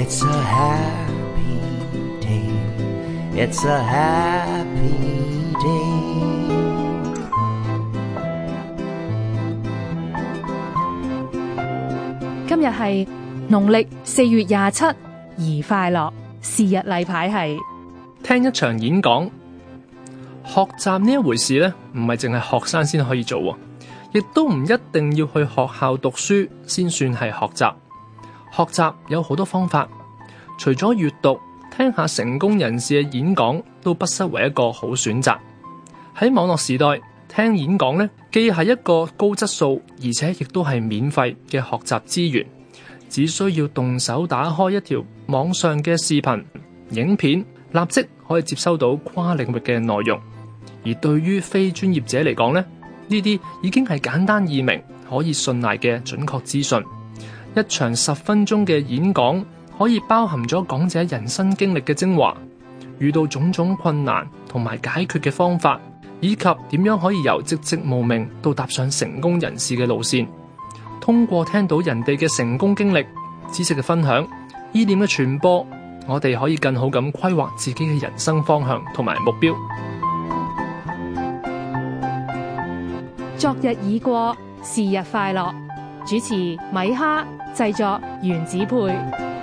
It's a happy day. It's a happy day. 今日係農曆四月廿七，而快樂是日例牌係聽一場演講。學習呢一回事咧，唔係淨係學生先可以做。亦都唔一定要去學校讀書先算係學習，學習有好多方法，除咗閱讀，聽下成功人士嘅演講都不失為一個好選擇。喺網絡時代，聽演講咧既係一個高質素，而且亦都係免費嘅學習資源，只需要動手打開一條網上嘅視頻影片，立即可以接收到跨領域嘅內容。而對於非專業者嚟講咧，呢啲已經係簡單易明、可以信賴嘅準確資訊。一場十分鐘嘅演講可以包含咗講者人生經歷嘅精華，遇到種種困難同埋解決嘅方法，以及點樣可以由籍籍無名到踏上成功人士嘅路線。通過聽到人哋嘅成功經歷、知識嘅分享、意念嘅傳播，我哋可以更好咁規劃自己嘅人生方向同埋目標。昨日已過，是日快樂。主持米哈，製作原子配。